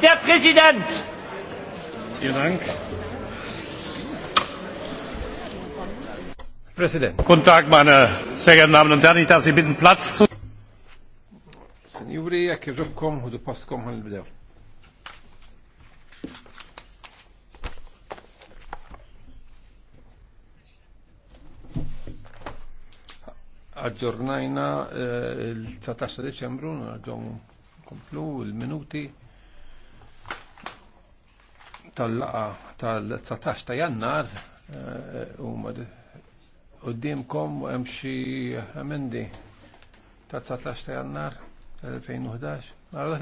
Der Präsident! Vielen Dank. Präsident. Guten Tag, meine sehr geehrten Damen und Herren. Ich darf Sie bitten, Platz zu. Signori, jekk irġobkom u dupostkom għan il-bdew. Aġġornajna eh, il-19 Deċembru, għadhom komplu il-minuti tal-laqa tal-19 ta' jannar eh, u huma qudiemkom u xi għamendi tal 19 ta' jannar eh, 2011.